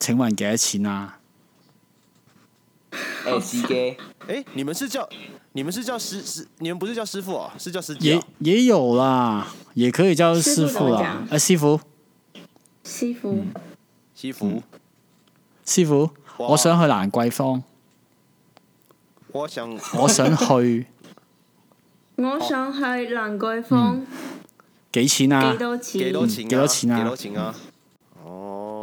請問幾多錢啊？誒，師姐，誒，你們是叫，你們是叫師師，你們不是叫師傅哦，是叫師姐。也也有啦，也可以叫師傅啊。誒，師傅，師傅，師傅，師傅。我想去蘭桂坊。我想，我想去。我想去蘭桂坊。幾錢啊？幾多錢？幾多錢？幾多錢啊？哦，